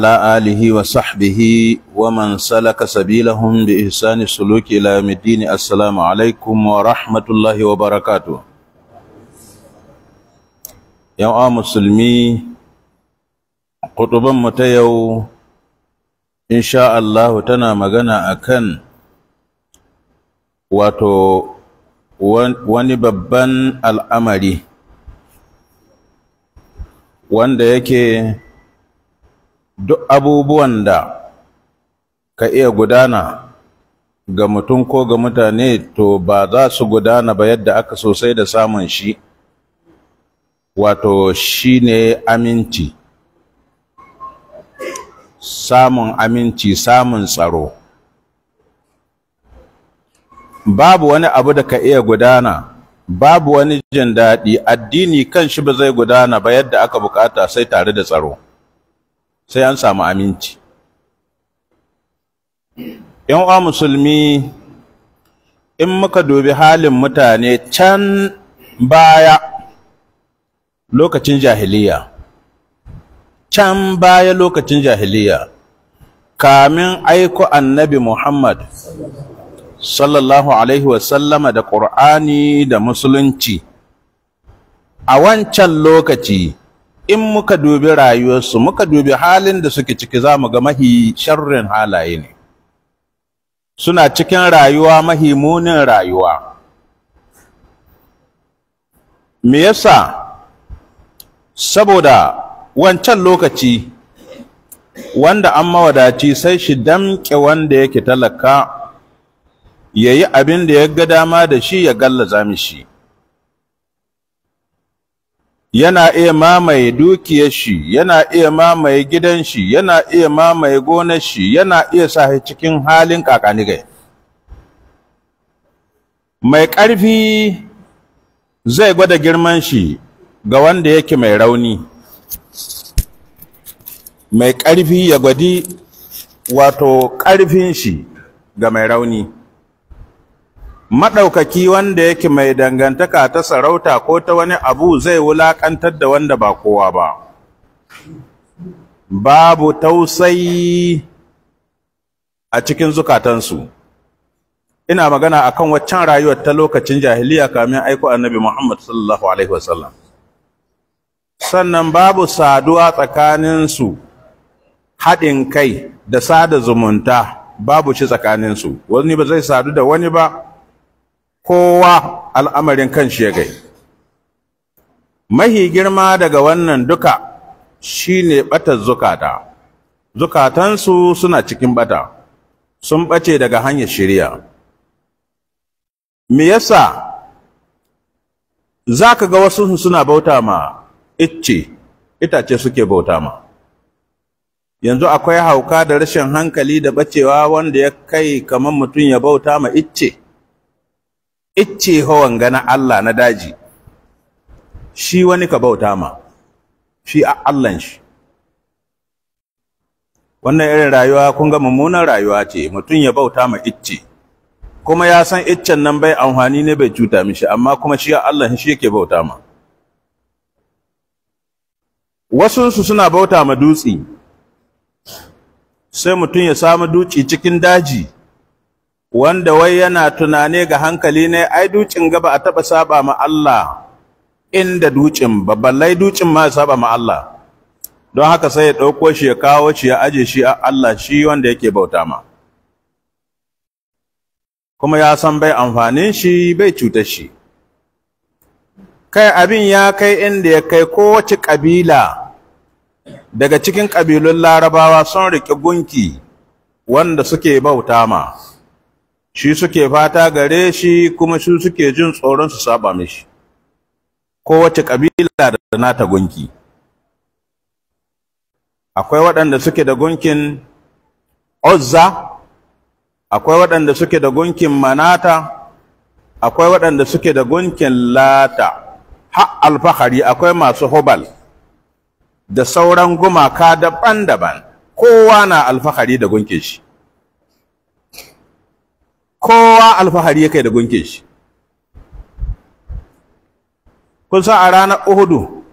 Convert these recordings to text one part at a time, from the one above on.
على آله وصحبه ومن سلك سبيلهم بإحسان السلوك إلى يوم الدين السلام عليكم ورحمة الله وبركاته يا مسلمي قطبا متيو إن شاء الله تنا مغنى أكن wato wani babban al'amari wanda yake duk abubuwan da ka iya gudana ga mutum ko ga mutane to ba za su gudana ba yadda aka sosai da samun shi wato shi ne aminci samun aminci samun tsaro babu wani abu da ka iya gudana babu wani jin daɗi addini kan shi ba zai gudana ba yadda aka bukata sai tare da tsaro sai an samu aminci yan uwa musulmi in muka dubi halin mutane can baya lokacin jahiliya can baya lokacin jahiliya kamin aiko annabi Muhammad sallallahu alaihi wasallama da ƙur'ani da musulunci a wancan lokaci in muka dubi rayuwarsu muka dubi halin da suke ciki za mu ga mahi sharrin halaye ne suna cikin rayuwa mahi munin rayuwa me yasa saboda wancan lokaci wanda an mawadaci sai shi damƙe wanda yake talaka ya yi abin da ya ga dama da shi ya gallaza mishi yana iya mamaye dukiyar shi yana iya mamaye gidan shi yana iya mamaye gonar shi yana iya sa cikin halin kakanigai mai ƙarfi zai gwada girman shi ga wanda yake mai rauni mai ƙarfi ya gwadi wato ƙarfin shi ga mai rauni maɗaukaki wanda yake mai dangantaka ta sarauta ko ta wani abu zai wulaƙantar da wanda ba kowa ba babu tausayi a cikin zukatansu ina magana akan waccan rayuwar ta lokacin jahiliya kamin aiko annabi Muhammad sallallahu alaihi wasallam sannan babu saduwa tsakaninsu haɗin kai da sada zumunta babu shi tsakaninsu wani ba zai sadu da wani ba kowa al'amarin kan shi ya gai mahi girma daga wannan duka shine batar zukata zukatansu suna cikin bata sun bace daga hanyar shirya me yasa zaka ga wasu suna bauta ma icce itace suke bauta ma yanzu akwai hauka da rashin hankali da bacewa wanda ya kai kamar mutum ya bauta ma icce icce hawan gana Allah na daji shi wani ka bauta ma shi a Allahn shi wannan irin rayuwa kun ga mummunan rayuwa ce mutum ya bauta ma icce kuma ya san iccen nan bai amfani ne bai cuta mishi amma kuma shi a Allahn shi yake bauta ma wasunsu suna bauta ma dutse sai mutum ya samu duci cikin daji wanda wai yana tunane ga hankali ne ai ducin gaba a taba saba ma Allah inda ducin babbalai ducin ma saba ma Allah don haka sai ya ɗauko shi ya kawo shi ya aje shi a Allah shi wanda yake bauta ma kuma ya san bai amfanin shi bai cutar shi kai abin ya kai inda ya kai kowace kabila daga cikin ƙabilun larabawa sun riƙe gunki wanda suke bauta ma shi suke fata gare shi kuma shi suke jin tsoron su saba mishi kowace kabila da nata gunki akwai waɗanda suke da gunkin Uzza akwai waɗanda suke da gunkin Manata akwai waɗanda suke da gunkin Lata ha alfahari akwai masu Hubal da sauran gumaka daban-daban kowa na alfahari da gunkin shi kowa alfahari ya kai da gunkin shi kun sa a ranar Uhudu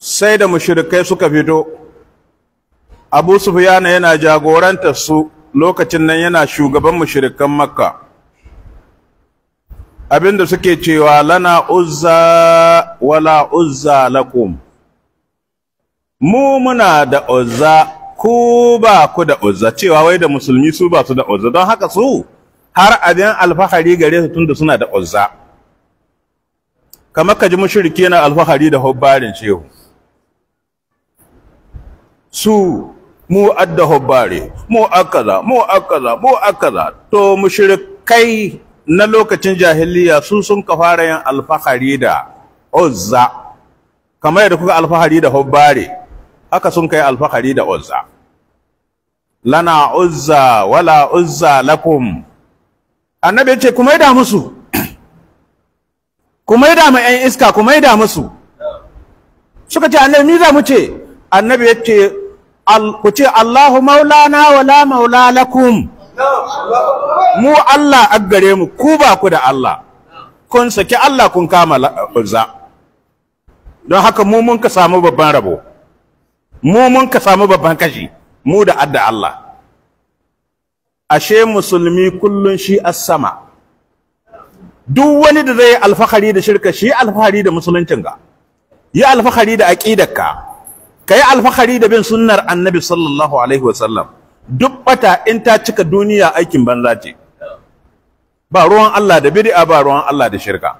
sai da mushrikai suka fito Abu Sufyan yana jagoranta su lokacin nan yana shugaban mushrikan Makka abinda suke cewa lana uzza wala uzza lakum mu muna da uzza ku ba ku da uzza cewa wai da musulmi su ba su da uzza don haka su har abin alfahari gare su tunda suna da uzza kamar ka ji mushriki yana alfahari da hubbarin shehu, su mu adda hubbare mu akaza mu akaza mu akaza to mushrikai na lokacin jahiliya su sun ka fara yin alfahari da uzza kamar yadda kuka alfahari da hubbare haka sun kai alfahari da uzza lana uzza wala uzza lakum annabi ya ce ku maida musu ku maida ma ƴan iska ku maida musu suka ce annabi mi za mu ce annabi ya ce ku ce Allahu maulana wala maula lakum mu Allah aggare mu ku ba ku da Allah kun saki Allah kun kama uzza don haka mu mun ka samu babban rabo mu mun ka samu babban kashi mu da adda Allah ashe musulmi kullun shi as-sama duk wani da zai alfahari da shirka shi alfahari da musuluncin ga yi alfahari da aqidarka kai alfahari da bin sunnar annabi sallallahu alaihi wasallam duk bata in ta cika duniya aikin banza ce ba ruwan Allah da bid'a ba ruwan Allah da shirka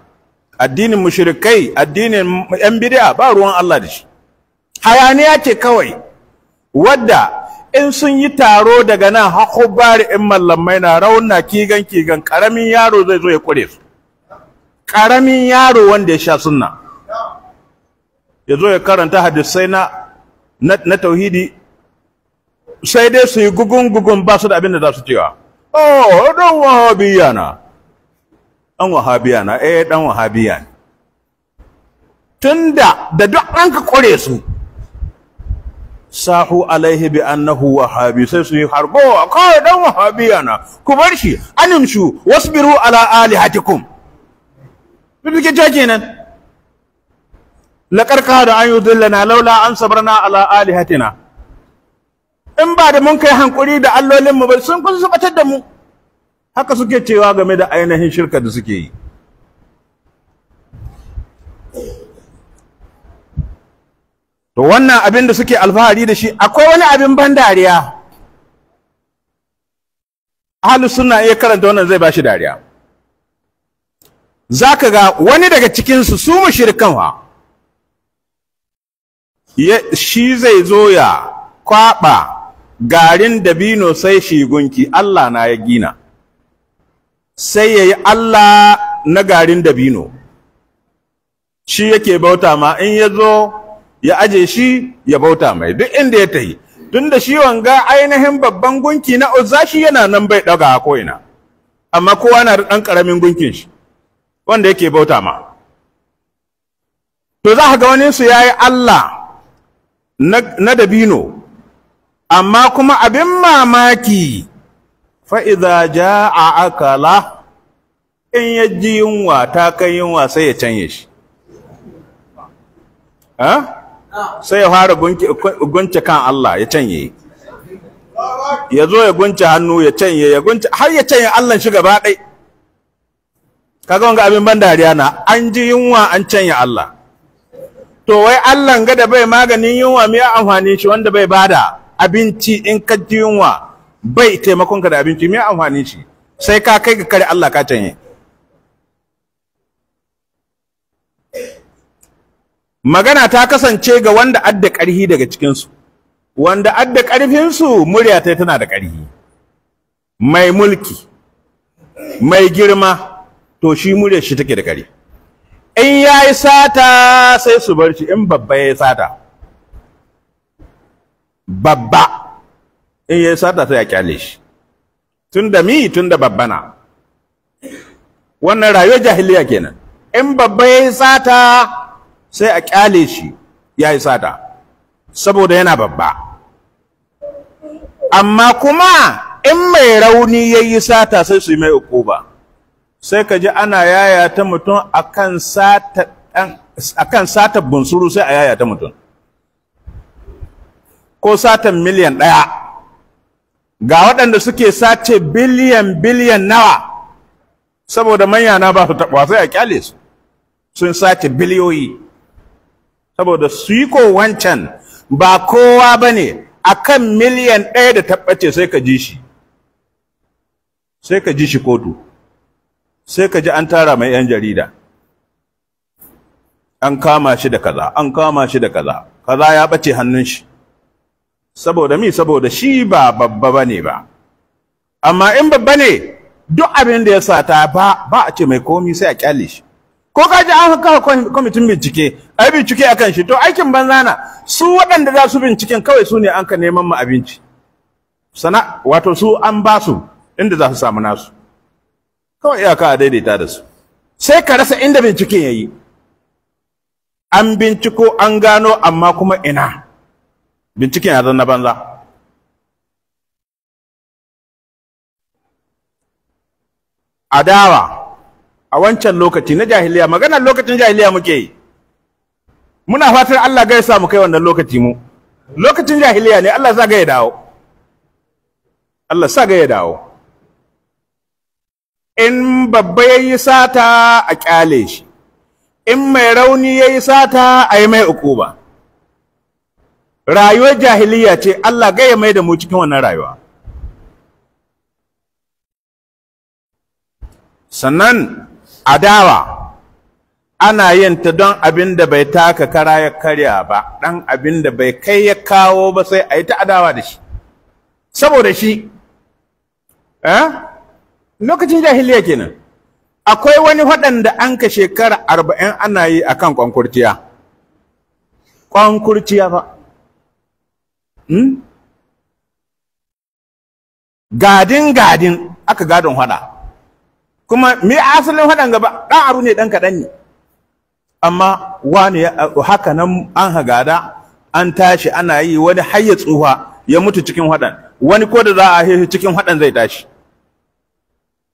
addinin mushrikai addinin yan bid'a ba ruwan Allah da shi hayaniya ce kawai wadda in sun yi taro daga nan hako bari in mallamai na rauna kigan kigan karamin yaro zai zo ya kure su karamin yaro wanda ya sha sunna ya zo ya karanta hadisai na na tauhidi sai dai su yi gugun gugun ba su da abin da za su cewa oh dan wahabiya na dan wahabiya na eh dan wahabiya ne tunda da duk an ka kure su sahu alaihi bi annahu wahabi sai su yi harbowa kawai dan wahabiya na ku bar shi animshu wasbiru ala alihatikum bibike ta kenan karka da an yudillana laula an sabrana ala alihatina in ba da mun kai hankuri da allolin mu ba sun kun batar da mu haka suke cewa game da ainihin shirka da suke yi to wannan abin da suke alfahari da shi akwai wani abin ban dariya Halu suna iya karanta wannan zai bashi dariya Za ka ga wani daga cikinsu su mu mushrikan shi zai zo ya kwaɓa garin dabino sai shi gunki Allah na ya gina sai ya yi Allah na garin dabino shi yake bauta ma in ya zo ya aje shi ya bauta mai duk inda ya tahi tunda shi wanga ainihin babban gunki na uzza shi yana nan bai daga ko ina amma kowa na da dan karamin gunkin shi wanda yake bauta ma to za ka ga wani su yayi Allah na dabino amma kuma abin mamaki fa idza jaa akala in ya ji yunwa ta kai yunwa sai ya canye shi ha sai ya fara gunce kan Allah ya canye ya zo ya gunce hannu ya canye ya gunce har ya canye Allah shi gaba ɗai kaga wanga abin ban dariya na an ji yunwa an canye Allah to wai Allah ga da bai maganin yunwa me amfani shi wanda bai bada abinci in ka ji yunwa bai taimakon ka da abinci me amfani shi sai ka kai ga kare Allah ka canye magana ta kasance ga wanda adda ƙarfi daga cikinsu wanda adda ƙarfinsu murya ta tana da ƙarfi? mai mulki mai girma to shi murya shi take da ƙari. in ya yi sata sai su bar shi in babba ya yi sata babba in ya yi sata sai ya kyale shi tun da mi tun da babba na wannan rayuwar jahiliya kenan in babba ya yi sata sai a kyale shi ya yi sata saboda yana babba amma kuma in mai rauni ya yi sata sai su yi mai uku ba sai ka ji ana yayata mutum a kan sata bunsuru sai a yayata mutum ko sata miliyan ɗaya ga waɗanda suke sace biliyan biliyan nawa saboda manya na ba su taɓa sai a kyale su sun sace biliyoyi saboda su yi ko wancan ba kowa ba ne a kan miliyan ɗaya da tabbace sai ka ji shi sai ka ji shi kotu sai ka ji an tara mai 'yan jarida an kama shi da kaza an kama shi da kaza kaza ya ɓace hannun shi saboda mi saboda shi ba babba ba ne ba amma in babba ne duk abin da ya sata ba ba a ce mai komi sai a kyale shi ko ka ji an haka kwamitin bincike a yi bincike kan shi to aikin banza na su waɗanda za su binciken kawai su ne an ka neman mu abinci sana wato su an ba su inda za su samu nasu kawai iyaka a daidaita da su sai ka rasa inda binciken ya yi an binciko an gano amma kuma ina binciken ya na banza adawa a wancan lokaci na jahiliya maganar lokacin jahiliya muke yi muna fatar Allah ga samu kai wannan lokaci mu lokacin jahiliya ne Allah sa ga ya dawo Allah sa ga ya dawo in babba yayi sata a kyale shi in mai rauni yayi sata a yi mai ukuba rayuwar jahiliya ce Allah ga ya mai da mu cikin wannan rayuwa sannan adawa ana yin ta don abin da bai taka kara ya karya ba dan abin da bai kai ya kawo ba sai a yi ta adawa da shi saboda shi eh lokacin jahiliya kenan akwai wani waɗanda an ka shekara arba'in ana yi a kan kwankurciya kwankurciya ba hmm? gadin gadin aka gadon hada kuma me asalin faɗan gaba ɗan aru ne ɗan kaɗan ne amma wani haka nan an hagada an tashi ana yi wani har ya tsuha ya mutu cikin haɗan wani ko da za a haihu cikin haɗan zai tashi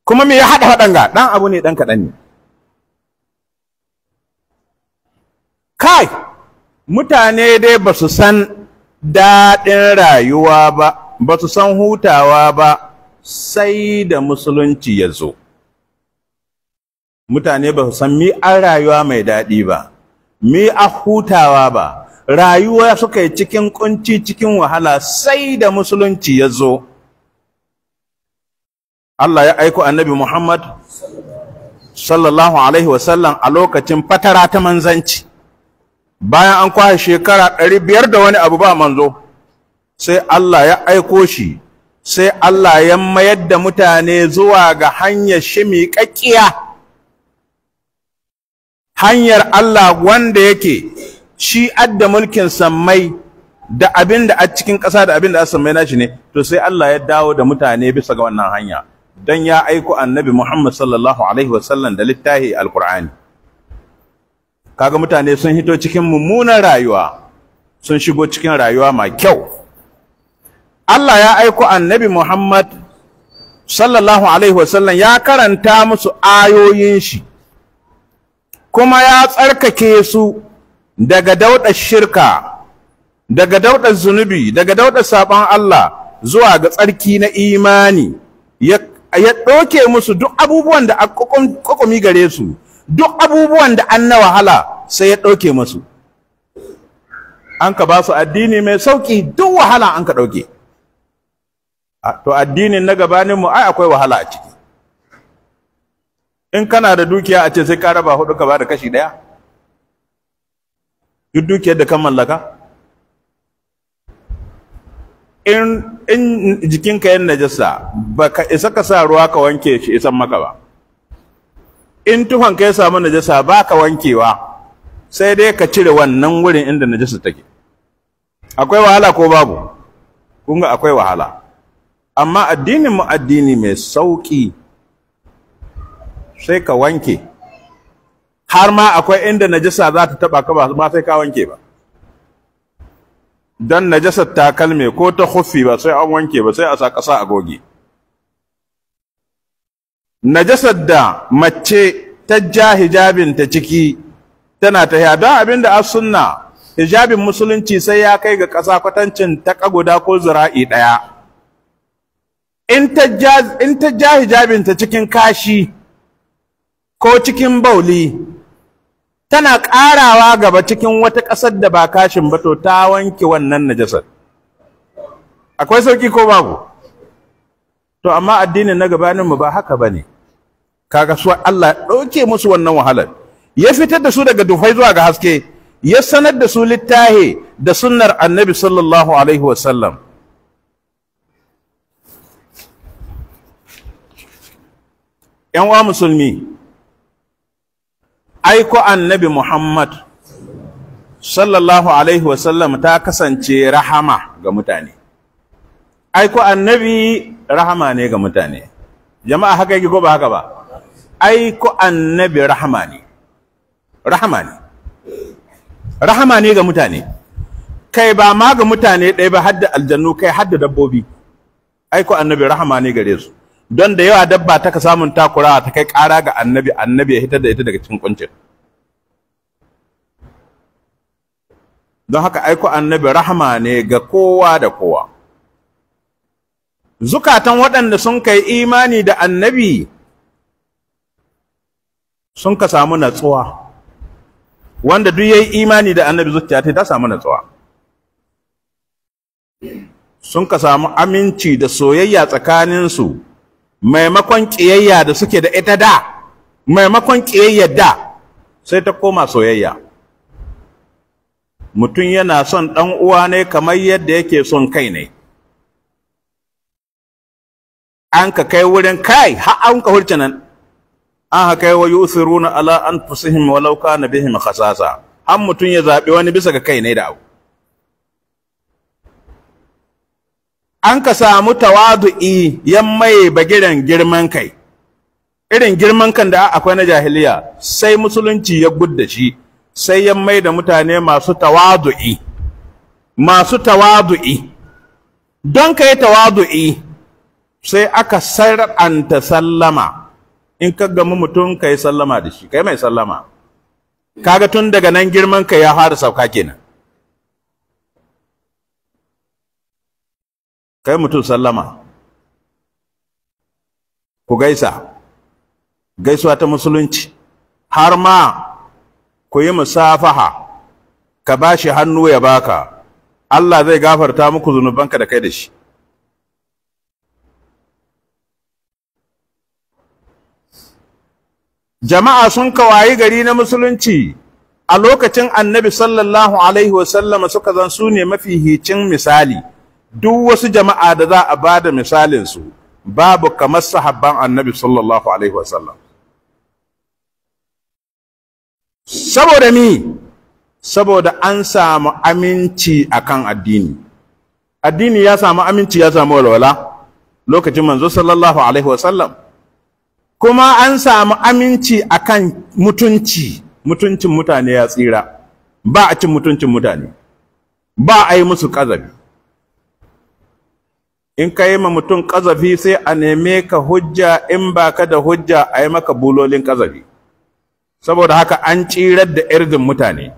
kuma me ya haɗa haɗan ga ɗan abu ne ɗan kaɗan ne kai mutane dai ba su san daɗin rayuwa ba ba su san hutawa ba sai da musulunci ya zo mutane ba su san mi an rayuwa mai daɗi ba mi a hutawa ba rayuwa suka yi cikin ƙunci cikin wahala sai da musulunci ya zo Allah ya aiko annabi Muhammad sallallahu alaihi wasallam a lokacin fatara ta manzanci bayan an kwashe shekara ɗari biyar da wani abu ba manzo sai Allah ya aiko shi sai Allah ya mayar da mutane zuwa ga hanyar shimi kakkiya hanyar Allah wanda yake shi adda mulkin samai da abin da a cikin ƙasa da abin da a sammai nashi ne to sai Allah ya dawo da mutane bisa ga wannan hanya dan ya aiko annabi Muhammad sallallahu alaihi wasallam da littahi alqur'ani kaga mutane sun hito cikin mummunan rayuwa sun shigo cikin rayuwa mai kyau Allah ya aiko annabi Muhammad sallallahu alaihi wasallam ya karanta musu ayoyin shi kuma ya tsarkake su daga dauɗa shirka daga dauɗa zunubi daga dauɗa sabon Allah zuwa ga tsarki na imani ya ɗoke musu duk abubuwan da kokumi gare su duk abubuwan da an na wahala sai ya ɗoke musu an ka ba su addini mai sauƙi duk wahala an ka ɗauke to addinin na gabaninmu ai akwai wahala a ciki in kana da dukiya a ce sai ka raba hudu ka ba da kashi daya duk dukiyar da kan mallaka in jikinka yan najasa baka isa ka sa ruwa ka wanke shi isan maka ba in tufanka ya samu najasa ba ka wankewa sai dai ka cire wannan wurin inda najasa take akwai wahala ko babu Kunga akwai wahala amma addinin mu addini mai sauki sai ka wanke har ma akwai inda najasa za ta taba ka ba sai ka wanke ba dan najasar kalme, ko ta huffi ba sai an wanke ba sai a sa ƙasa a goge najasar da mace ta ja hijabin ta ciki tana ta ya don abin da sunna hijabin musulunci sai ya kai ga ƙasa kwatancin ta guda ko zira'i ɗaya in ta ja hijabin ta cikin kashi ko cikin bauli tana ƙarawa gaba cikin wata ƙasar da ba kashin ba to ta wanke wannan najasar akwai sauki ko babu to amma addinin na mu ba haka bane kaga su Allah ɗauke musu wannan wahalar ya fitar da su daga dufai zuwa ga haske ya sanar da su littahi da sunnar annabi sallallahu alaihi wasallam ‘yan wa musulmi aiko annabi Muhammad sallallahu alaihi wasallam ta kasance rahama ga mutane aiko annabi rahama ne ga mutane jama'a haka yake ko ba haka ba aiko annabi rahama ne rahama ne rahama ne ga mutane kai ba ma ga mutane ɗaya ba hadda aljannu kai hadda dabbobi aiko annabi rahama ne gare su don da yawa dabba ta ka samun takurawa ta kai ƙara ga annabi annabi ya hitar da ita daga cikin kuncin don haka aiko annabi rahama ne ga kowa da kowa zukatan waɗanda sun kai imani da annabi sun ka samu natsuwa wanda duk yayi imani da annabi zuciya ta samu natsuwa sun ka samu aminci da soyayya tsakaninsu maimakon ƙiyayya da suke da ita da maimakon ƙiyayyar da sai ta koma soyayya mutum yana son ɗan uwa ne kamar yadda yake son kai ne an ka kai wurin kai Ha an ka hurce nan an ha kai wa na ala anfusihim walau kana bihim khasasa an mutum ya zaɓi wani bisa ga kai ne da abu an ka samu tawadu'i yan maye bagiren girman kai irin girman kan da akwai na jahiliya sai musulunci ya gudda shi sai yan mai da mutane masu tawadu'i masu tawadu'i don kai tawadu'i sai aka sar'anta sallama in ka gamu mutum kai sallama da shi kai mai sallama kaga tun daga nan girman kai ya fara sauka kenan kai mutum sallama ku gaisa gaisuwa ta musulunci har ma ku yi musafaha ka ba shi hannu ya baka Allah zai gafarta muku zunubanka da kai da shi jama'a sun kawayi gari na musulunci a lokacin annabi sallallahu alaihi wasallama suka zan su ne mafi hicin misali duk wasu jama'a da za a ba da misalinsu babu kamar sahabban annabi sallallahu alaihi wasallam saboda mi saboda an samu aminci akan addini addini ya samu aminci ya samu walwala lokacin manzo sallallahu alaihi wasallam kuma an samu aminci akan mutunci mutuncin mutane ya tsira ba a cin mutuncin mutane ba a yi musu kazabi in ka yi ma mutum ƙazafi sai a neme ka hujja in ba ka da hujja a yi maka bulolin ƙazafi saboda haka an tsirar da irdin mutane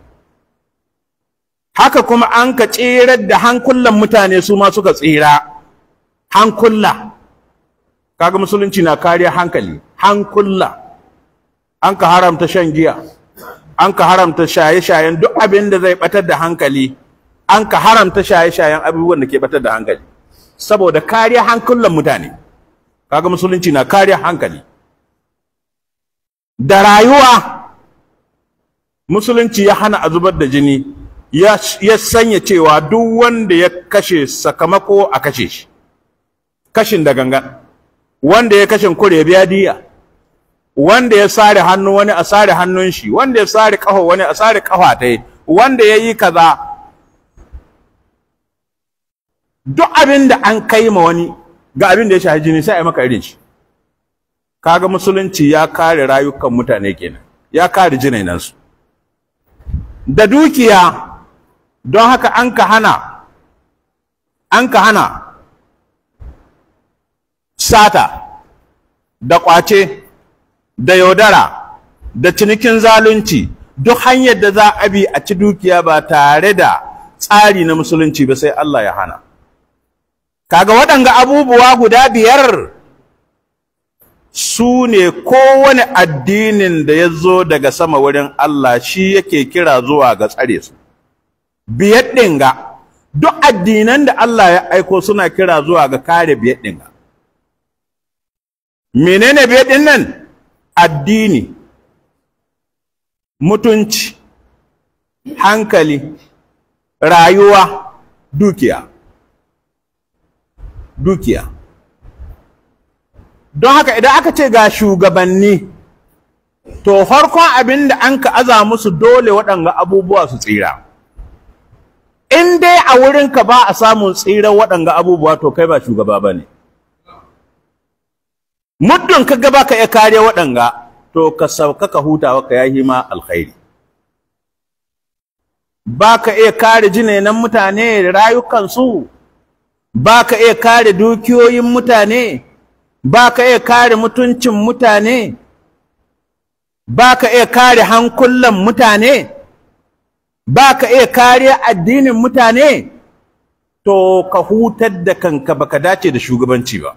haka kuma an ka tsirar da hankulan mutane su ma suka tsira hankula kaga musulunci na kariya hankali hankula an ka haramta shan giya an ka haramta shaye-shayen duk abin da zai batar da hankali an ka haramta shaye-shayen abubuwan da ke batar da hankali saboda kariya hankulan mutane kaga musulunci na kariya hankali da rayuwa musulunci ya hana a zubar da jini ya sanya cewa duk wanda ya kashe sakamako a kashe shi kashin da gangan wanda ya kashin kure ya biya diya wanda ya sare hannu wani a sare hannun shi wanda ya sare kawo wani a sare kafa ta wanda ya yi kaza duk abin da an kai ma wani ga abin da ya shahi jini sai a yi maka irin shi kaga musulunci ya kare rayukan mutane kenan ya kare jinainansu da dukiya don haka an ka hana an ka hana sata da kwace da yaudara da cinikin zalunci duk hanyar da za a bi a ci dukiya ba tare da tsari na musulunci ba sai Allah ya hana kaga waɗanga abubuwa guda biyar su ne kowane addinin da ya zo daga sama wurin Allah shi yake kira zuwa ga tsare su biyar ɗin ga duk addinan da Allah ya aiko suna kira zuwa ga kare biyar ɗin ga? menene biyar ɗin nan addini mutunci hankali rayuwa dukiya dukiya don haka idan aka ce ga shugabanni to farkon abin da an ka aza musu dole waɗanga abubuwa su tsira in dai a wurinka ba a samun tsira waɗanga abubuwa to kai ba shugaba ba ne muddin ka gaba ka iya kare waɗanga to ka sauƙaƙa hutawa ka yahi ma alkhairi ba ka iya kare jinenan mutane da rayukansu ba ka iya kare dukiyoyin mutane ba ka iya kare mutuncin mutane ba ka iya kare hankulan mutane ba ka iya kare addinin mutane to ka hutar da kanka baka dace da shugabanci ba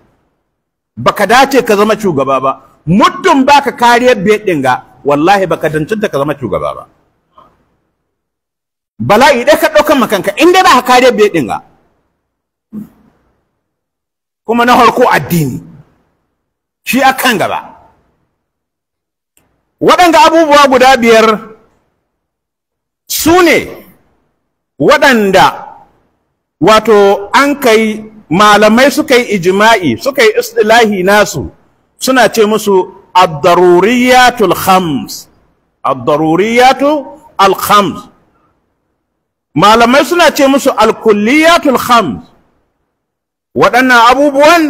baka dace ka zama shugaba ba muddin baka kariyar bedin ga wallahi baka dancanta ka zama shugaba ba bala'i dai ka ɗaukar makanka in dai ba ka kariyar bedin ga kuma na harko addini shi akan gaba waɗanda abubuwa guda biyar su ne waɗanda wato an kai malamai suka yi ijima'i suka yi istilahi nasu suna ce musu abdaruriyatul khams abdaruriyatul malamai suna ce musu alkulliyatul khams waɗannan abubuwan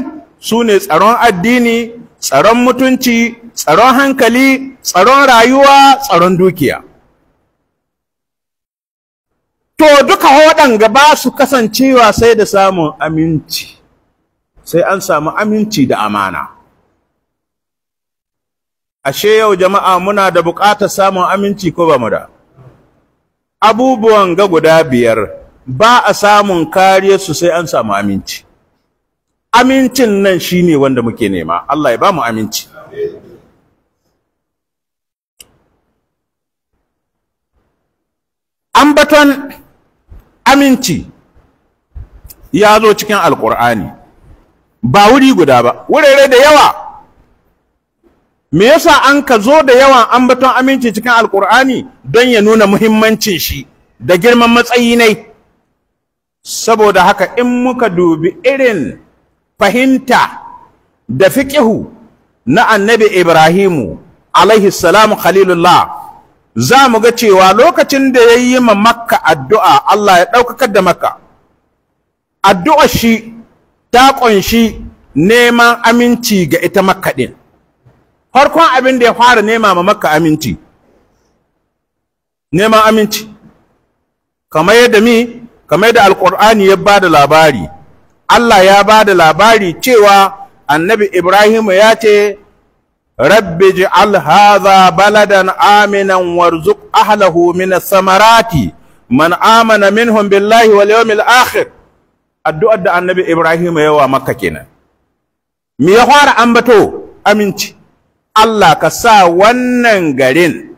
su ne tsaron addini tsaron mutunci tsaron hankali tsaron rayuwa tsaron dukiya to duka hoɗan ba su kasancewa sai da samun aminci sai an samu aminci da amana ashe yau jama'a muna da buƙatar samun aminci ko ba mu da abubuwan ga guda biyar ba a samun kariyarsu sai an samu aminci amincin nan shi ne wanda muke nema Allah ya ba mu aminci ambaton aminci ya zo cikin alkur'ani ba wuri guda ba wurare da yawa me yasa an ka zo da yawan ambaton aminci cikin alkur'ani don ya nuna muhimmancin shi da girman matsayi ne saboda haka in muka dubi irin fahimta da fiƙihu na annabi Ibrahimu alaihi salamu khalilullah za mu ga cewa lokacin da ya yi ma makka addu'a Allah ya ɗaukakar da makka addu'a shi ta ƙunshi neman aminci ga ita makka ɗin farkon abin da ya fara nema ma makka aminci neman aminci kamar yadda mi kamar yadda alƙur'ani ya ba da labari Allah ya ba da labari cewa annabi Ibrahim ya ce, Rabbi ji'al alhaza, baladan aminan warzuk ahlahu mina samarati man amana minhum billahi wal yawmil akhir addu'ar da annabi Ibrahim ya wa Makka kenan me ya fara ambato aminci Allah ka sa wannan garin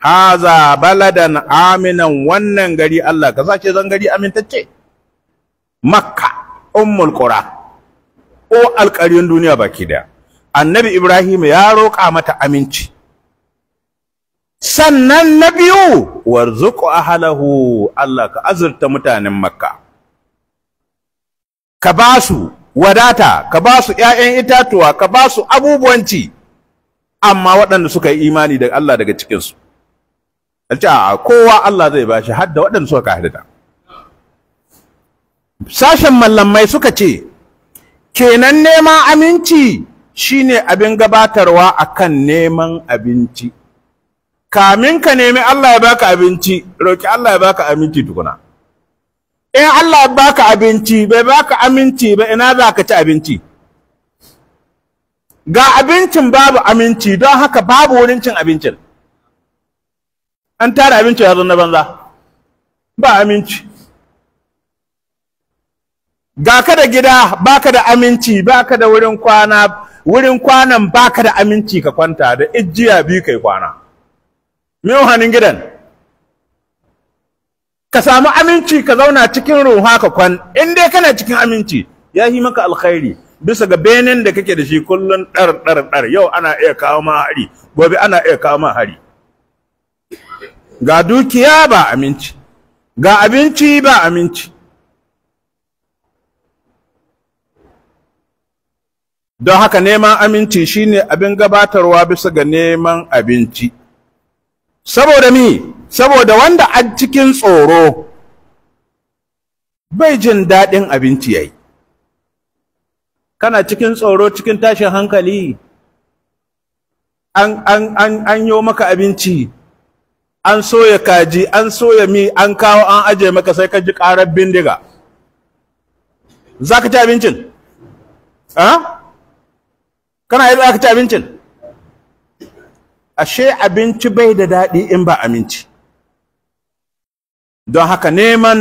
haza baladan aminan wannan gari Allah ka ce zan gari amintacce Makka ummul qura o alƙarin duniya baki da annabi ibrahim ya roƙa mata aminci sannan na biyu warzuqu ahlahu Allah ka azurta mutanen makka ka ba su wadata ka ba su ƴaƴan itatuwa ka ba su ci, amma waɗanda suka yi imani da Allah daga cikinsu. a kowa Allah zai bashi hadda waɗanda suka kahirta sashen mallamai suka ce kenan neman aminci shine abin gabatarwa akan neman abinci kamin ka nemi Allah ya baka abinci roki Allah ya baka aminci tukuna in Allah ya baka abinci bai baka aminci ba ina za ka ci abinci ga abincin babu aminci don haka babu wurin cin abincin an tara abinci ya zo na banza ba aminci ga ka da gida baka da aminci baka da wurin kwana wurin kwanan baka da aminci ka kwanta da ijiya biyu kai kwana me hannun gidan ka samu aminci ka zauna cikin ruha ka kwan in dai kana cikin aminci ya yi maka alkhairi bisa ga benin da kake da shi kullun dar dar dar yau ana iya kawo ma hari gobe ana iya kawo ma hari ga dukiya ba aminci ga abinci ba aminci don haka neman aminci shine abin gabatarwa bisa ga neman abinci saboda mi saboda wanda a cikin tsoro bai jin daɗin abinci yayi kana cikin tsoro cikin tashin hankali an an yo maka abinci an soya kaji an soya mi an kawo an aje maka sai ka ji karar bindiga za ka ci abincin? kana yi aka ci abincin ashe abinci bai da daɗi in ba aminci don haka neman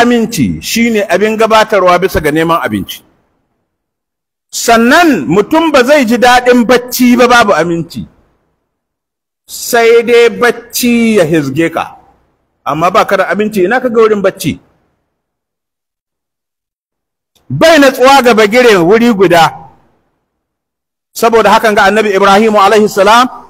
aminci shine abin gabatarwa bisa ga neman abinci sannan mutum ba zai ji daɗin bacci ba babu aminci sai dai bacci ya hizge ka amma ba ka da aminci ina ka ga wurin bacci bai natsuwa ga bagire wuri guda saboda hakan ga annabi ibrahimu alaihi salam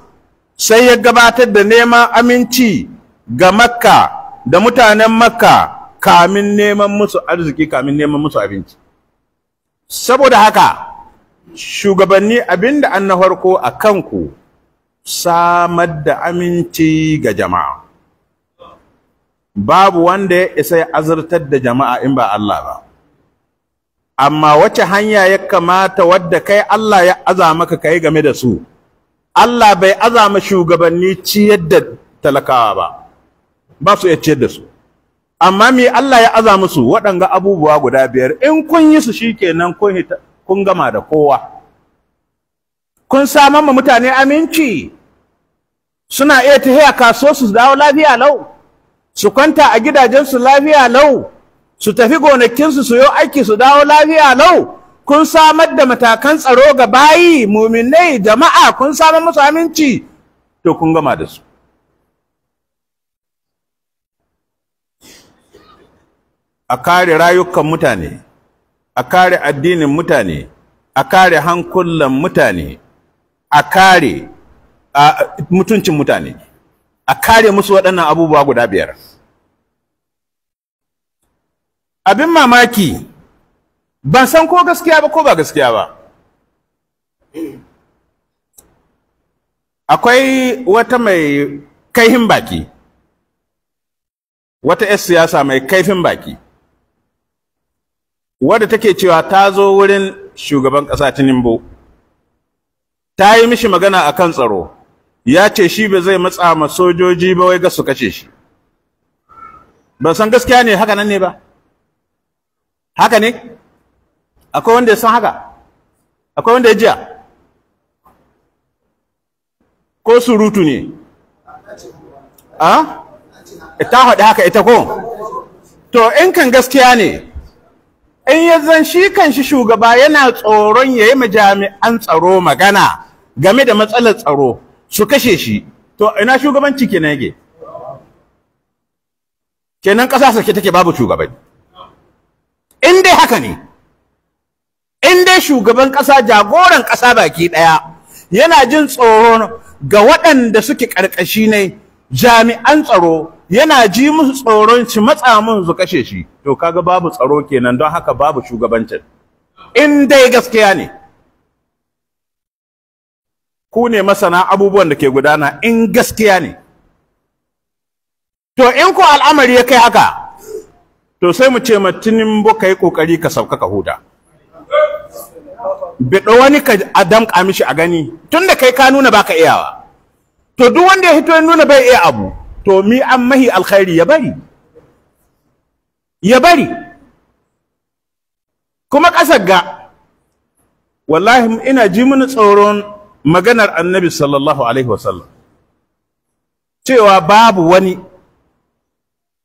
sai ya gabatar da neman aminci ga makka da mutanen makka kamin neman musu arziki kamin neman musu abinci saboda haka shugabanni abinda an na farko a kanku samar da aminci ga jama'a babu wanda ya isa ya azurtar da jama'a in ba Allah ba amma wace hanya ya kamata wadda kai Allah ya aza maka kai game da su Allah bai azama shugabanni ciyar da talakawa ba ba su iya ciyar da su amma me Allah ya aza musu waɗanga abubuwa guda biyar in kun yi su shikenan kun kun gama da kowa kun samar ma mutane aminci suna iya tafiya kaso su dawo lafiya lau su kwanta a gidajensu lafiya lau su tafi gonakinsu su yi aiki su dawo lafiya lau kun samar da matakan tsaro ga bayi muminai jama'a kun samar musu aminci to kun gama da su a kare rayukan mutane a kare addinin mutane a kare hankulan mutane a kare mutuncin mutane a kare musu waɗannan abubuwa guda biyar abin mamaki ban san ko gaskiya ba ko ba gaskiya ba akwai wata mai kaihin baki wata 'yar siyasa mai kaifin baki wadda take cewa ta zo wurin shugaban ƙasa Tinubu ta yi mishi magana a kan tsaro ya ce shi ba zai matsa ma sojoji ba wai ga su kashe shi ban san gaskiya ne haka nan ne ba haka ne akwai wanda ya san haka akwai wanda ya jiya ko surutu ne a ta haɗe haka ita ko to in kan gaskiya ne in ya zan shi kan shi shugaba yana tsoron ya yi majami'an tsaro magana game da matsalar tsaro su kashe shi to ina shugabanci kenan yage? kenan ƙasa sake take babu shugabanci in dai haka ne in dai shugaban ƙasa jagoran ƙasa baki ɗaya yana jin tsoro ga waɗanda suke ƙarƙashi ne jami'an tsaro yana ji musu tsoron ci matsa mun su kashe shi to kaga babu tsaro kenan don haka babu shugabancin in dai gaskiya ne ku ne masana abubuwan da ke gudana in gaskiya ne to in ko al'amari ya kai haka to sai mu ce matinin bo kai kokari ka sauka ka huda bido wani ka adam mishi a gani tunda kai ka nuna baka iyawa to duk wanda ya hito ya nuna bai iya abu to mi an mahi alkhairi ya bari ya bari kuma ƙasar ga wallahi ina ji mini tsoron maganar annabi sallallahu alaihi wasallam cewa babu wani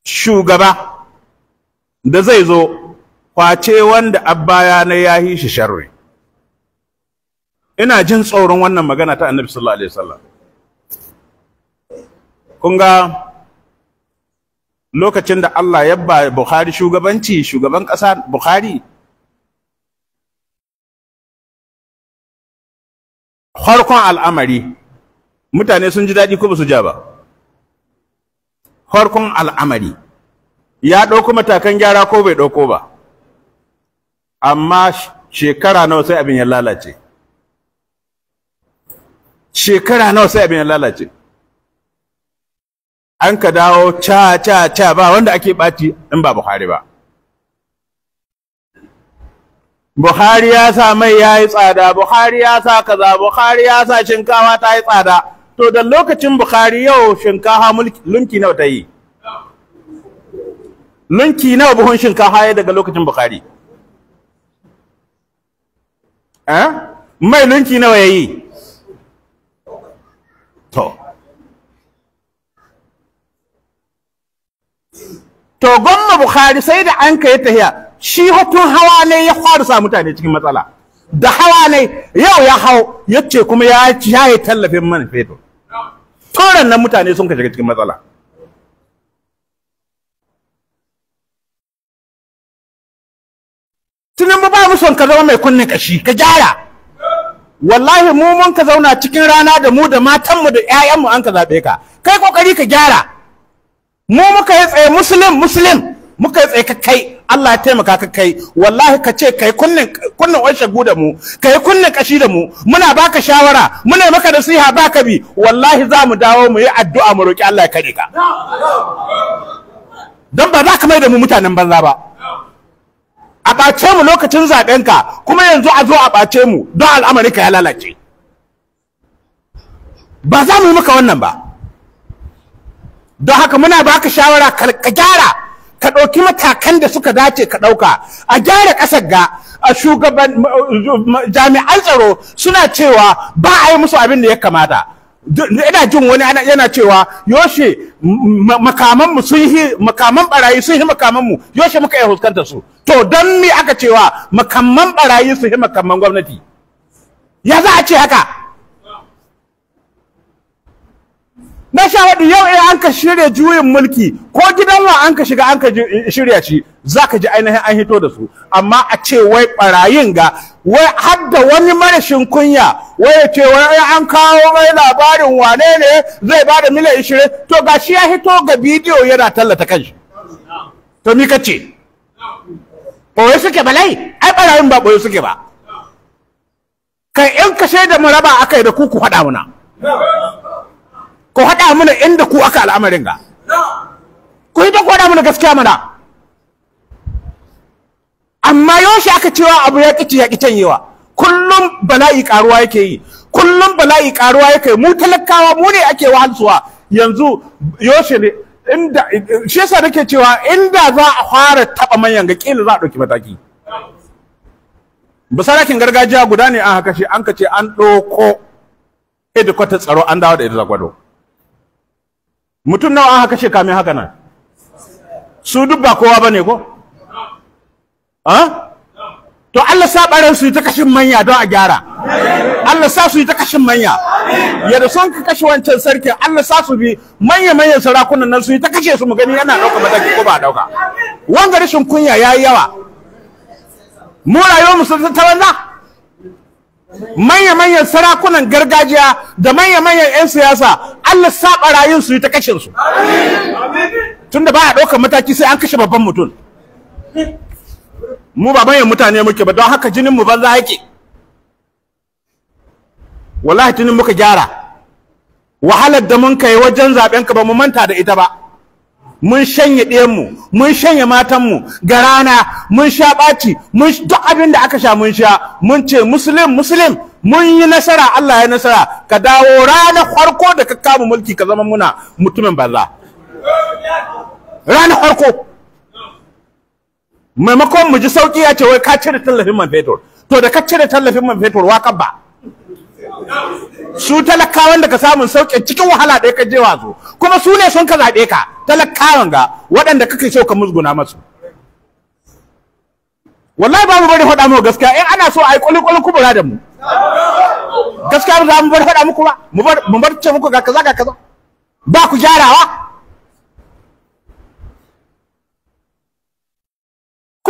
shugaba da zai zo kwace wanda abbaya na yi shi sharri ina jin tsoron wannan magana ta annabi sallallahu alaihi wasallam kun ga lokacin da Allah ya ba Bukhari shugabanci shugaban ƙasa Bukhari farkon al'amari mutane sun ji daɗi ko ba su ja ba farkon al'amari ya ɗauko matakan gyara ko bai ɗauko ba amma shekara nawa sai abin ya lalace shekara nawa sai abin ya lalace an ka dawo ca ca ca ba wanda ake ɓaci in ba Buhari ba Buhari ya sa mai ya yi tsada Buhari ya sa kaza Buhari ya sa shinkawa ta yi tsada to da lokacin Buhari yau shinkawa mulki nawa ta yi ninki nawa buhun shinkafa ya daga lokacin Bukhari eh mai ninki nawa yi? to to gwamna Bukhari sai da an kai tahiya shi hutun hawa ne ya faru sa mutane cikin matsala da hawa ne yau ya hau yace kuma ya yi tallafin man fetur to nan mutane sun ka shiga cikin matsala tunan ba mu son ka zama mai kunnin kashi ka gyara wallahi mu mun ka zauna cikin rana da mu da matanmu da 'ya'yanmu an ka zaɓe ka kai kokari ka gyara mu muka yi tsaye musulun musulun muka yi tsaye ka kai Allah ya taimaka ka kai wallahi ka ce kai kunnin kunnin wani shagu da mu kai kunnin kashi da mu muna baka shawara muna maka da nasiha baka bi wallahi za mu dawo mu yi addu'a mu roki Allah ya kare ka don ba za ka mai da mu mutanen banza ba a ɓace mu lokacin zaɓenka kuma yanzu a zo a ɓace mu don al'amarka ya lalace ba za mu yi maka wannan ba don haka muna baka shawara ka gyara ka ɗauki matakan da suka dace ka ɗauka a gyara ƙasar ga a shugaban jami'an tsaro suna cewa ba a yi musu abin da ya kamata ina jin wani ana yana cewa yoshe makaman mu sun yi makaman barayi sun yi makaman mu yoshe muka iya fuskantar su to dan me aka cewa makaman barayi sun yi makaman gwamnati ya za a ce haka na sha wadu yau in an ka shirya juyin mulki ko gidan wa an ka shiga an ka shirya shi za ji ainihin an hito da su amma a ce wai barayin ga wai hadda wani marashin kunya wai ce wai an kawo mai labarin wane ne zai ba da miliyan ishirin to ga shi ya hito ga bidiyo yana tallata shi to ni kace ɓoye suke ba lai ai ɓarayin ba ɓoye suke ba kai in ka shaida mu raba aka yi da ku ku haɗa muna ku haɗa muna inda ku aka al'amarin ga ku yi ta ku haɗa muna gaskiya mana amma yaushe aka cewa abu ya kici ya canyewa kullum bala'i karuwa yake yi kullum bala'i karuwa yake mu talakawa mu ne ake wahalsuwa yanzu yaushe ne inda shi yasa nake cewa inda za a fara taba manyan ga kila za a dauki mataki basarakin gargajiya guda ne an haka shi an kace an doko edikwata tsaro an dawo da ita zakwado mutum nawa an haka shi kamin haka nan su duk ba kowa bane ko to Allah sa ɓaran su yi ta kashin manya don a gyara Allah sa su yi ta kashin manya yadda son ka kashe wancan sarkin Allah sa su bi manya manyan sarakunan nan su yi ta kashe su mu gani yana ɗauka mataki ko ba ɗauka wanga rashin kunya ya yi yawa mu rayuwar mu sun ta banza manya manyan sarakunan gargajiya da manya manyan 'yan siyasa Allah sa ɓarayin su yi ta kashin su tunda ba a ɗaukar mataki sai an kashe babban mutum mu ba bayan mutane muke ba don haka jinin mu banza yake wallahi tunin muka gyara wahalar da mun kai wajen zaben ka ba mu manta da ita ba mun shanye mu mun shanye matanmu ga rana mun sha ɓaci mun duk abin da aka sha mun sha mun ce musulun muslim mun yi nasara Allah ya nasara ka dawo rana farko da ka kama mulki ka zama muna mutumin banza ranar farko maimakon mu ji sauki ya ce wai ka cire tallafin man fetur to da ka cire tallafin man fetur wa ka ba su talakawan da ka samun sauki cikin wahala ɗaya ka je wazo kuma su ne sun ka zaɓe ka talakawan ga waɗanda kake so ka musguna masu wallahi ba mu bari faɗa mu gaskiya in ana so a yi kulikuli kubura da mu gaskiya ba mu bari faɗa muku ba mu bar ce muku ga kaza ga kaza ba ku gyarawa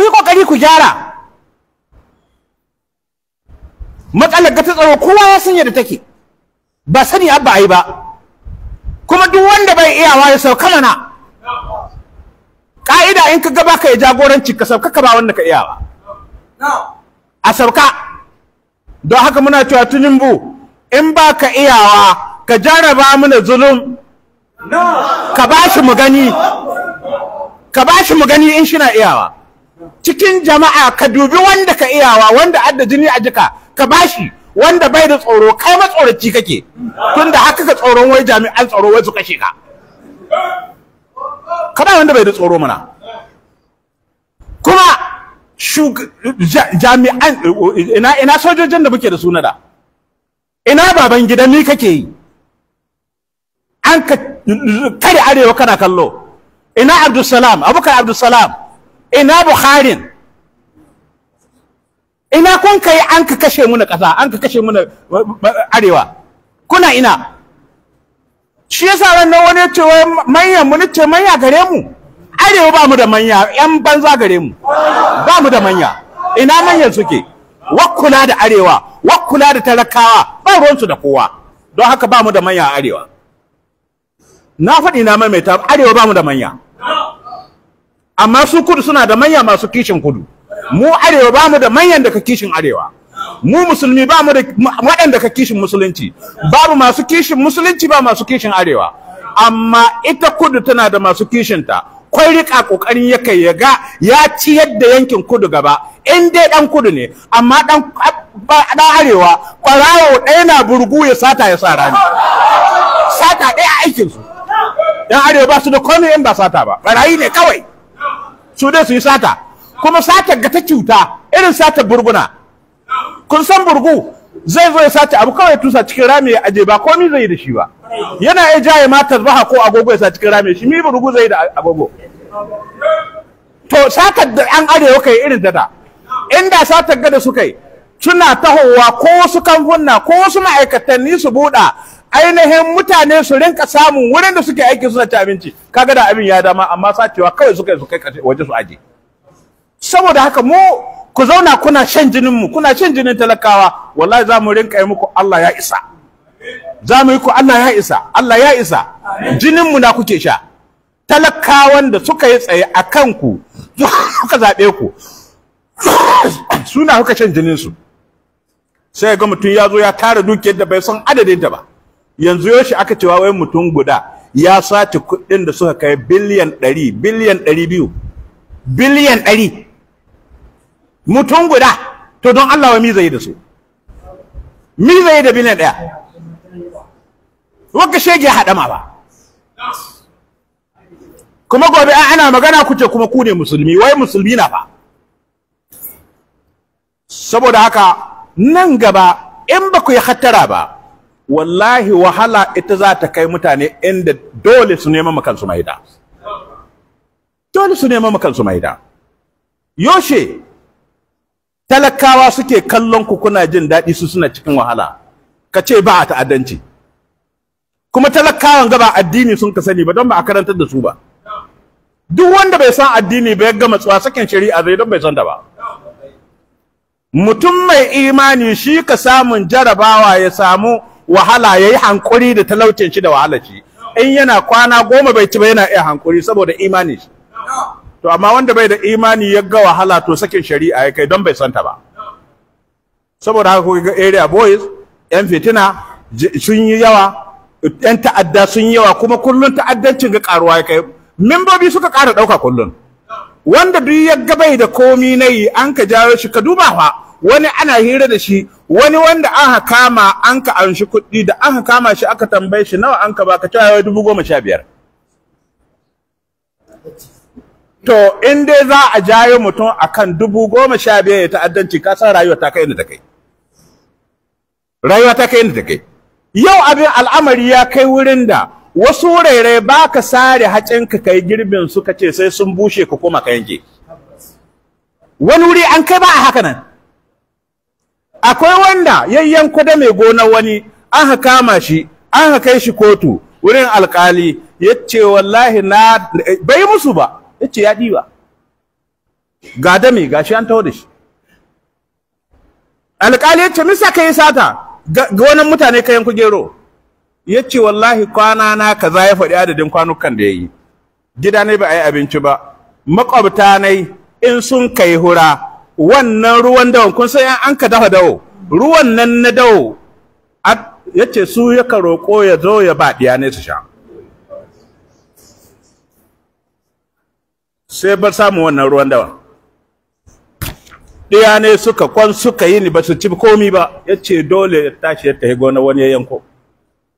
ku yi kokari ku gyara matsalar ga ta tsaro kowa ya sanya da take ba sani abba ai ba kuma duk wanda bai iyawa ya sauka mana ka'ida in ka gaba ka yi jagoranci ka sauka ka ba wanda ka iyawa a sauka don haka muna cewa tunimbu in ba ka iyawa ka jaraba mana zulum ka ba mu gani ka ba mu gani in shi na iyawa cikin jama'a ka dubi wanda ka iyawa wanda adda jini a jika ka bashi wanda bai da tsoro kai matsoraci kake tunda haka ka tsoron wai jami'an tsoro wai su kashe ka ka ba wanda bai da tsoro mana kuma jami'an ina ina sojojin da muke da suna da ina baban gidan ni kake yi an ka kare arewa kana kallo ina abdulsalam abubakar abdulsalam ina bukharin ina kun kai an ka kashe muna ƙasa an ka kashe muna arewa kuna ina shi yasa wannan wani ce wai manyan mun ce manya gare mu arewa ba mu da manya yan banza gare mu ba mu da manya ina manyan suke wakula da arewa wakula da talakawa ba ruwansu da kowa don haka ba mu da manya a arewa na faɗi na ta arewa ba mu da manya amma su kudu suna da manya masu kishin kudu mu arewa ba mu da manyan da ka kishin arewa mu musulmi ba da waɗanda ka kishin musulunci babu masu kishin musulunci ba masu kishin arewa amma ita kudu tana da masu ta kwai rika kokarin ya kai ya ga ya ci yadda yankin kudu gaba in dai dan kudu ne amma dan dan arewa kwarawo ɗaya na burgu ya sata ya sa rani sata ɗaya aikin su dan arewa ba su da komai in ba sata ba barayi ne kawai su su yi sata kuma sata ga ta cuta irin sata burguna kun san burgu zai zo ya sace abu kawai tusa cikin rami ya aje ba komi zai yi da shi ba yana iya jaye matar tasbaha ko agogo ya sa cikin rami shi mi burgu zai yi da agogo to sata da an arewa kai irin ta da inda satar gada suka yi suna tahowa ko wasu hunna ko wasu ma'aikatanni su buɗa ainihin mutane su rinka samun wurin da suke aiki suna ci abinci kaga da abin ya dama amma sacewa kawai suka su kai waje su aje saboda haka mu ku zauna kuna shan jinin mu kuna shan jinin talakawa wallahi za mu rinka yi muku Allah ya isa za mu yi ku Allah ya isa Allah ya isa jinin mu na kuke sha talakawan da suka yi tsaye a kanku suka zaɓe ku suna kuka shan jinin su sai ga mutum ya zo ya tara dukiyar da bai san adadin ta ba yanzu yoshi aka cewa wai mutum guda ya sace kuɗin da suka kai biliyan ɗari biliyan ɗari biyu biliyan ɗari mutum guda to don Allah wa mi zai da su mi zai da biliyan ɗaya wanka shege haɗama ba kuma gobe an ana magana kuce kuma ku ne musulmi wai musulmi na fa saboda haka nan gaba in ba ku yi hattara ba wallahi wahala ita za ta kai mutane inda dole su nema ma kansu maida dole su nema ma maida yoshe talakawa suke kallon ku kuna jin daɗi su suna cikin wahala ka ce ba a ta'addanci kuma talakawan gaba addini sun ka sani ba don ba a karantar da su ba duk wanda bai san addini ba ya gama tsuwa sakin shari'a zai don bai san da ba mutum mai imani shi ka samun jarabawa ya samu wahala yayi hankuri da talaucin shi da wahala shi in yana kwana goma bai ci ba yana iya hankuri saboda imani shi to amma wanda bai da imani ya ga wahala to sakin shari'a ya kai don bai santa ba saboda haka kuka ga area boys yan fitina sun yi yawa yan ta'adda sun yi yawa kuma kullun ta'addancin ga karuwa ya kai membobi suka kara ɗauka kullun wanda biyu ya ga bai da komi na yi an ka jawo shi ka duba fa wani ana hira da shi wani wanda aka kama an ka anshi kuɗi da aka kama shi aka tambaye shi nawa an ka baka cewa wai dubu goma sha biyar to in dai za a jayo mutum akan dubu goma sha biyar ya ta'addanci ka san rayuwa ta kai inda ta kai rayuwa ta kai inda ta kai yau abin al'amari ya kai wurin da wasu rairai ba ka sare hacinka kai girbin suka ce sai sun bushe ka koma ka yanke wani wuri an kai ba a haka nan akwai wanda yayyan kwada mai gonar wani aka kama shi aka kai shi kotu wurin alkali ya ce wallahi na bai musu ba ya ce ya ɗiba ga dame ga shi an taho da shi alkali ya ce misa ka yi sata ga wani mutane kayan kugero ya ce wallahi kwana na kaza ya faɗi adadin kwanukan da ya yi gida ne ba a yi abinci ba makwabta ne in sun kai hura wannan ruwan dawon kun san an ka dafa dawo ruwan nan na dawo yace su ya karo roƙo ya zo ya ba diya ne su sha sai bar samu wannan ruwan dawa ɗiya ne suka kwan suka yi ni ba su ci komi ba ya ce dole ya tashi ya tafi gona wani yanko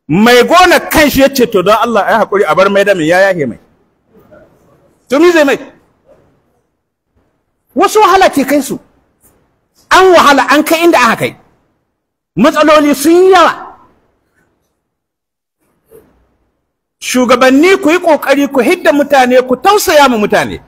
mai gona kan shi ya ce to don Allah ya haƙuri a bar mai damin ya yahe mai tumi zai mai wasu wahala ke kai su an wahala an kai inda aka kai matsaloli sun yi yawa shugabanni ku yi ƙoƙari ku hidda mutane ku tausaya mu mutane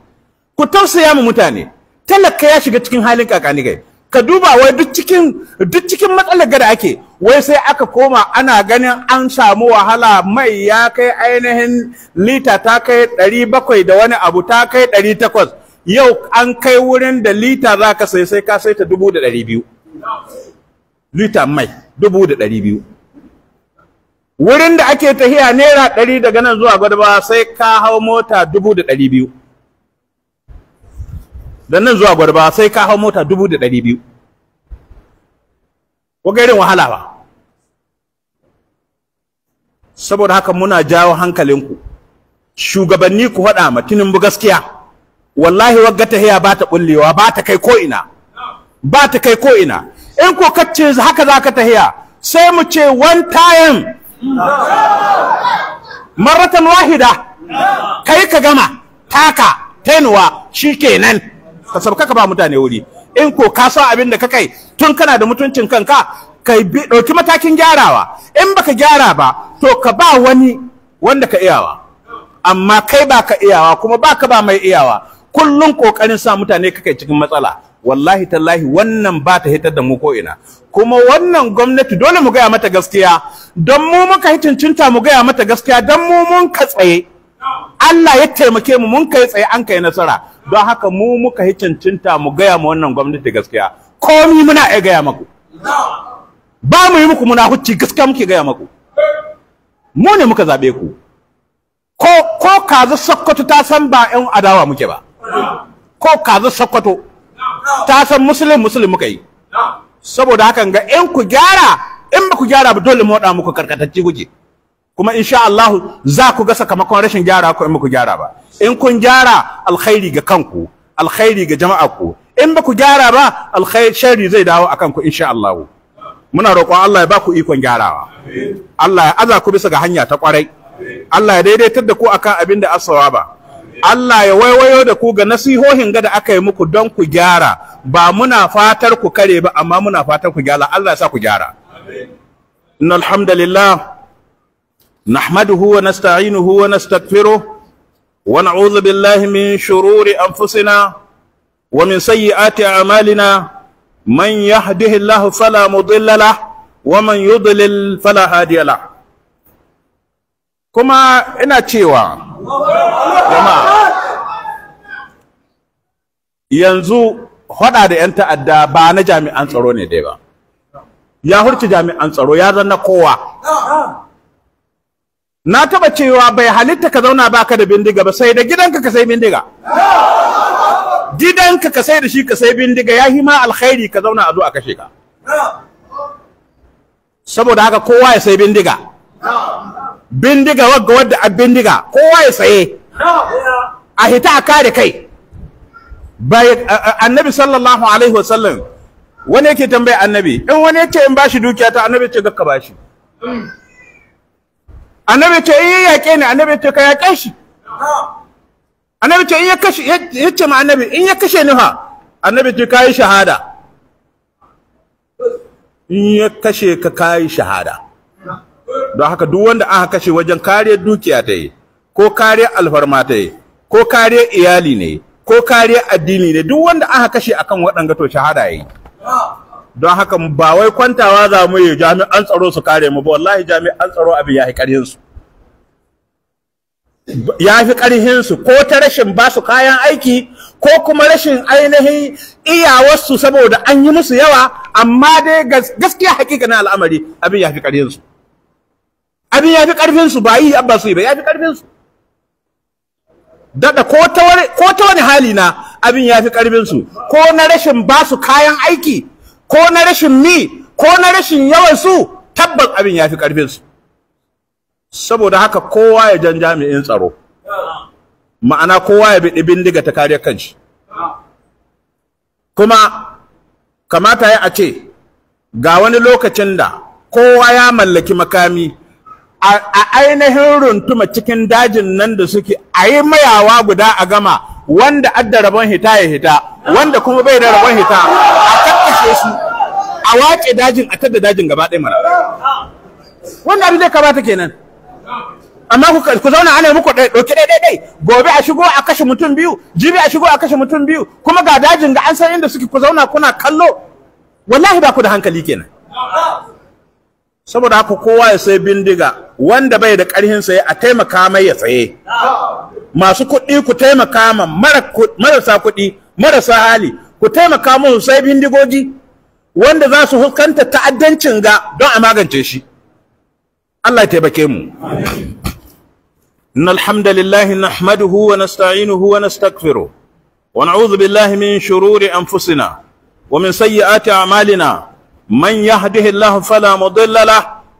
ku tausaya mu mutane talaka ya shiga cikin halin kakani gai ka duba wai duk cikin duk cikin matsalar gada ake wai sai aka koma ana ganin an samu wahala mai ya kai ainihin lita ta kai ɗari bakwai da wani abu ta kai ɗari takwas yau an kai wurin da lita za ka sai sai ka sai ta dubu da ɗari biyu lita mai dubu da ɗari biyu wurin da ake tahiya naira ɗari daga nan zuwa gwadabawa sai ka hau mota dubu da ɗari biyu da nan zuwa gwadabawa sai ka hau mota dubu da ɗari biyu ko irin wahala ba saboda haka muna jawo hankalinku shugabanni ku haɗa ma tunin bu gaskiya wallahi wagga tahiya ba ta kullewa ba ta kai ko ina ba ta kai ko ina in ko kace haka zaka ta hiya sai mu ce one time maratan wahida kai ka gama taka tenwa shikenan ka sabka ka ba mutane wuri in ko ka sa abin da ka kai tun kana da mutuncin kanka ka ɗauki matakin gyarawa in baka gyara ba to ka ba wani wanda ka iyawa amma kai ba ka iyawa kuma ba ka ba mai iyawa Kullum kokarin sa mutane kake cikin matsala wallahi tallahi wannan ba ta hitar da mu ko ina kuma wannan gwamnati dole mu gaya mata gaskiya don mu muka hitincinta mu gaya mata gaskiya don mu mun ka tsaye Allah ya taimake mu mun kai tsaye an kai nasara don haka mu muka hitincinta mu gaya ma wannan gwamnati gaskiya komi muna iya gaya maku ba mu yi muku muna hucci gaskiya muke gaya maku mu ne muka zaɓe ku ko ko kaza sokoto ta san ba yan adawa muke ba ko kazu Sokoto. ta san musulun musulun muka yi saboda hakan ga in ku gyara in ba ku gyara ba dole mu waɗa muku karkatacci guje kuma insha Allah za ku ga sakamakon rashin gyara ko in ba ku gyara ba in kun gyara alkhairi ga kanku alkhairi ga jama'a ku in ba ku gyara ba alkhairi sharri zai dawo akan ku insha Allah muna roƙon Allah ya ba ku ikon gyarawa Allah ya aza ku bisa ga hanya ta kwarai Allah ya daidaitar da ku akan abin da asawa ba Allah ya waiwayo da ku ga nasihohin ga da aka yi muku don ku gyara ba muna fatar ku kare ba amma muna fatar ku gyara Allah ya sa ku gyara innal hamdalillah nahmaduhu wa nasta'inuhu wa nastaghfiruh wa na'udhu billahi min shururi anfusina wa min sayyiati a'malina man yahdihillahu fala mudilla lahu wa man yudlil fala hadiya lahu kuma ina cewa yanzu hada da 'yan ta'adda ba na jami'an tsaro ne dai ba ya hurci jami'an tsaro ya zanna kowa na taba cewa bai halitta ka zauna baka da bindiga ba sai da gidanka ka sai bindiga gidanka ka sai da shi ka sai bindiga ya hima alkhairi ka zauna a zo a kashe ka saboda haka kowa ya sai bindiga bindiga wagga wadda a bindiga kowa ya tsaye a hita a kare kai annabi sallallahu alaihi wasallam wani yake tambaya annabi in wani yake in bashi dukiya ta annabi ce gaka bashi annabi ce in ya yaƙe ni annabi ce ka yaƙe shi annabi ce in ya kashe ya ce ma annabi in ya kashe ni ha annabi ce ka yi shahada in ya kashe ka ka yi shahada don haka duk wanda aka kashe wajen kariyar dukiya ta yi ko kariyar alfarma ta yi ko kariyar iyali ne ko kariyar addini ne duk wanda aka kashe akan waɗanga to shahada yi don haka ba wai kwantawa za mu yi jami'an tsaro su kare mu ba wallahi jami'an tsaro abin ya fi ƙarhin ya fi ƙarhin ko ta rashin ba su kayan aiki ko kuma rashin ainihin iyawarsu saboda an yi musu yawa amma dai gaskiya hakika na al'amari abin ya fi ƙarhin abin ya fi ƙarfinsu ba yi abba su yi ba ya fi ƙarfinsu daɗa ko ta wani hali na abin ya fi ƙarfinsu ko na rashin ba su kayan aiki ko na rashin mi ko na rashin yawan su tabbas abin ya fi ƙarfinsu saboda haka kowa ya jan jami'in tsaro ma'ana kowa ya biɗi bindiga ta kariyar kanshi kuma kamata ya a ce ga wani lokacin da kowa ya mallaki makami a ainihin runtuma cikin dajin nan da suke a yi mayawa guda a gama wanda adda rabon hita ya hita wanda kuma bai da rabon hita a kakkashe su a wace dajin a tadda dajin gaba ɗaya mara wanda abin zai bata kenan amma ku zauna ana muku ɗauki ɗaya ɗaya gobe a shigo a kashe mutum biyu jibi a shigo a kashe mutum biyu kuma ga dajin ga an san inda suke ku zauna kuna kallo wallahi ba ku da hankali kenan saboda haka kowa ya sai bindiga wanda bai da ƙarhin saye a taimaka mai ya tsaye. masu kuɗi ku taimaka ma marasa kuɗi marasa hali ku taimaka musu sai bindigogi wanda za su hukanta ta'addancin ga don a magance shi Allah ya taimake mu إن الحمد لله نحمده ونستعينه ونستغفره ونعوذ بالله من شرور أنفسنا ومن سيئات أعمالنا من يهده الله فلا مضل له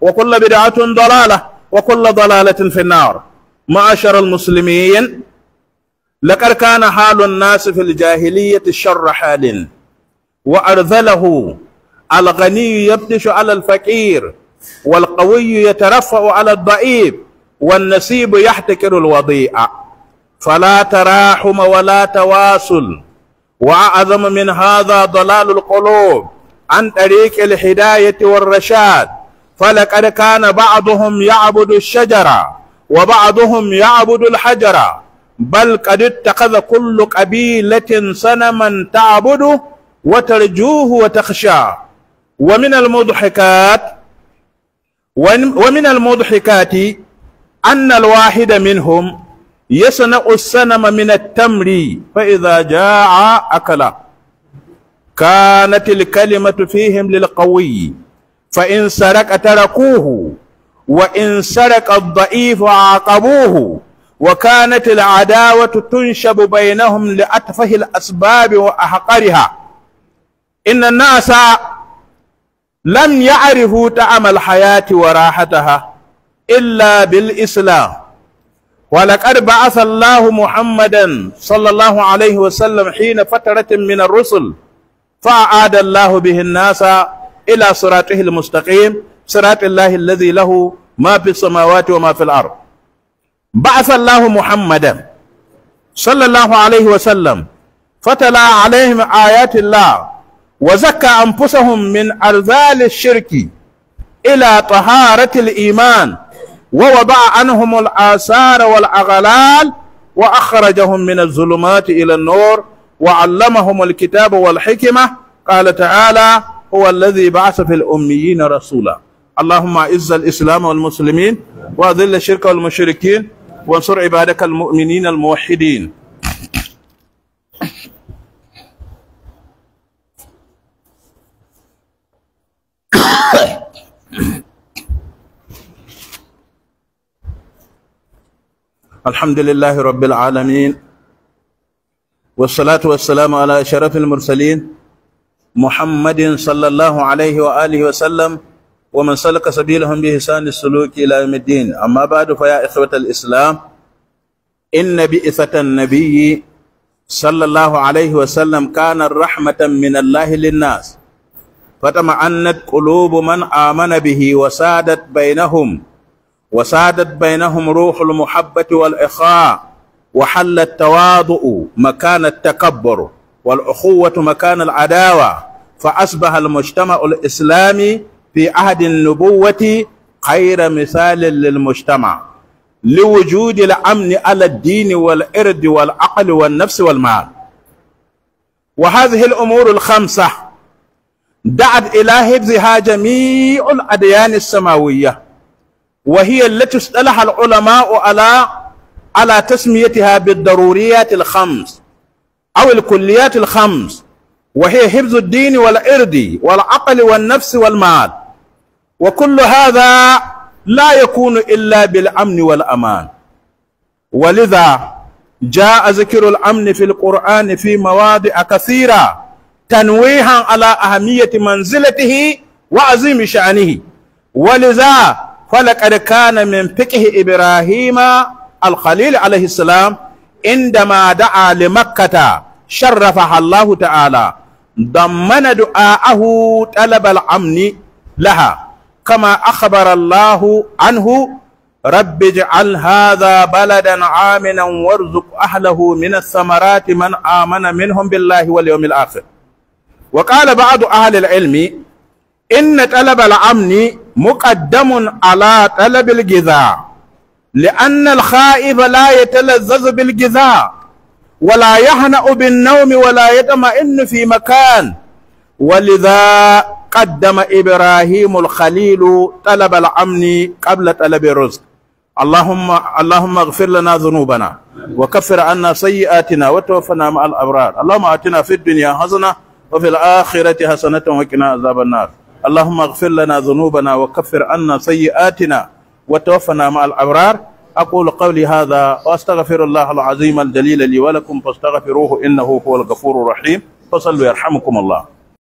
وكل بدعة ضلالة وكل ضلالة في النار معاشر المسلمين لقد كان حال الناس في الجاهلية الشر حال وأرذله الغني يبدش على الفقير والقوي يترفع على الضعيف والنسيب يحتكر الوضيع فلا تراحم ولا تواصل وأعظم من هذا ضلال القلوب عن طريق الهداية والرشاد فلقد كان بعضهم يعبد الشجرة وبعضهم يعبد الحجرة بل قد اتخذ كل قبيلة صنما تعبده وترجوه وتخشاه ومن المضحكات ومن المضحكات أن الواحد منهم يصنع الصنم من التمر فإذا جاع أكله كانت الكلمة فيهم للقوي fa in saraka tarakuhu wa in saraka dha'ifu aqabuhu wa kanat al'adawatu tunshabu bainahum li atfahi al'asbab wa ahqariha inna an-nasa lam ya'rifu ta'am al-hayati wa rahataha illa bil islam ولقد بعث الله محمدا صلى الله عليه وسلم حين فترة من الرسل فأعاد الله به الناس إلى صراطه المستقيم صراط الله الذي له ما في السماوات وما في الأرض بعث الله محمدا صلى الله عليه وسلم فتلا عليهم آيات الله وزكى أنفسهم من أرذال الشرك إلى طهارة الإيمان ووضع عنهم الآثار والأغلال وأخرجهم من الظلمات إلى النور وعلمهم الكتاب والحكمة قال تعالى هو الذي بعث في الأميين رسولا اللهم أعز الإسلام والمسلمين وأذل الشرك والمشركين وانصر عبادك المؤمنين الموحدين الحمد لله رب العالمين والصلاة والسلام على أشرف المرسلين محمد صلى الله عليه وآله وسلم ومن سلك سبيلهم بإحسان السلوك إلى يوم الدين أما بعد فيا إخوة الإسلام إن بئثة النبي صلى الله عليه وسلم كان رحمة من الله للناس فتمعنت قلوب من آمن به وسادت بينهم وسادت بينهم روح المحبة والإخاء وحل التواضع مكان التكبر والأخوة مكان العداوة فأصبح المجتمع الإسلامي في عهد النبوة خير مثال للمجتمع لوجود الأمن على الدين والإرد والعقل والنفس والمال وهذه الأمور الخمسة دعت إلى حفظها جميع الأديان السماوية وهي التي اصطلح العلماء على على تسميتها بالضروريات الخمس أو الكليات الخمس وهي حفظ الدين والإرض والعقل والنفس والمال وكل هذا لا يكون إلا بالأمن والأمان ولذا جاء ذكر الأمن في القرآن في مواضع كثيرة تنويها على أهمية منزلته وعظيم شأنه ولذا فلقد كان من فقه إبراهيم الخليل عليه السلام عندما دعا لمكة makkata sharrafaha ta’ala don mana du’a’ahu ɗalabal amni laha, kama akhbar anhu rabbi ji’al haza amana minhum billahi wal Wa qala ba’adu ahalil ilmi, inna ɗalabal amni muqaddamun ala ɗalabil giza, li’annal ha’iba la giza. ولا يهنأ بالنوم ولا يطمئن في مكان ولذا قدم إبراهيم الخليل طلب الأمن قبل طلب الرزق اللهم اللهم اغفر لنا ذنوبنا وكفر عنا سيئاتنا وتوفنا مع الأبرار اللهم آتنا في الدنيا حسنة وفي الآخرة حسنة وقنا عذاب النار اللهم اغفر لنا ذنوبنا وكفر عنا سيئاتنا وتوفنا مع الأبرار أقول قولي هذا وأستغفر الله العظيم الجليل لي ولكم فاستغفروه إنه هو الغفور الرحيم فصلوا يرحمكم الله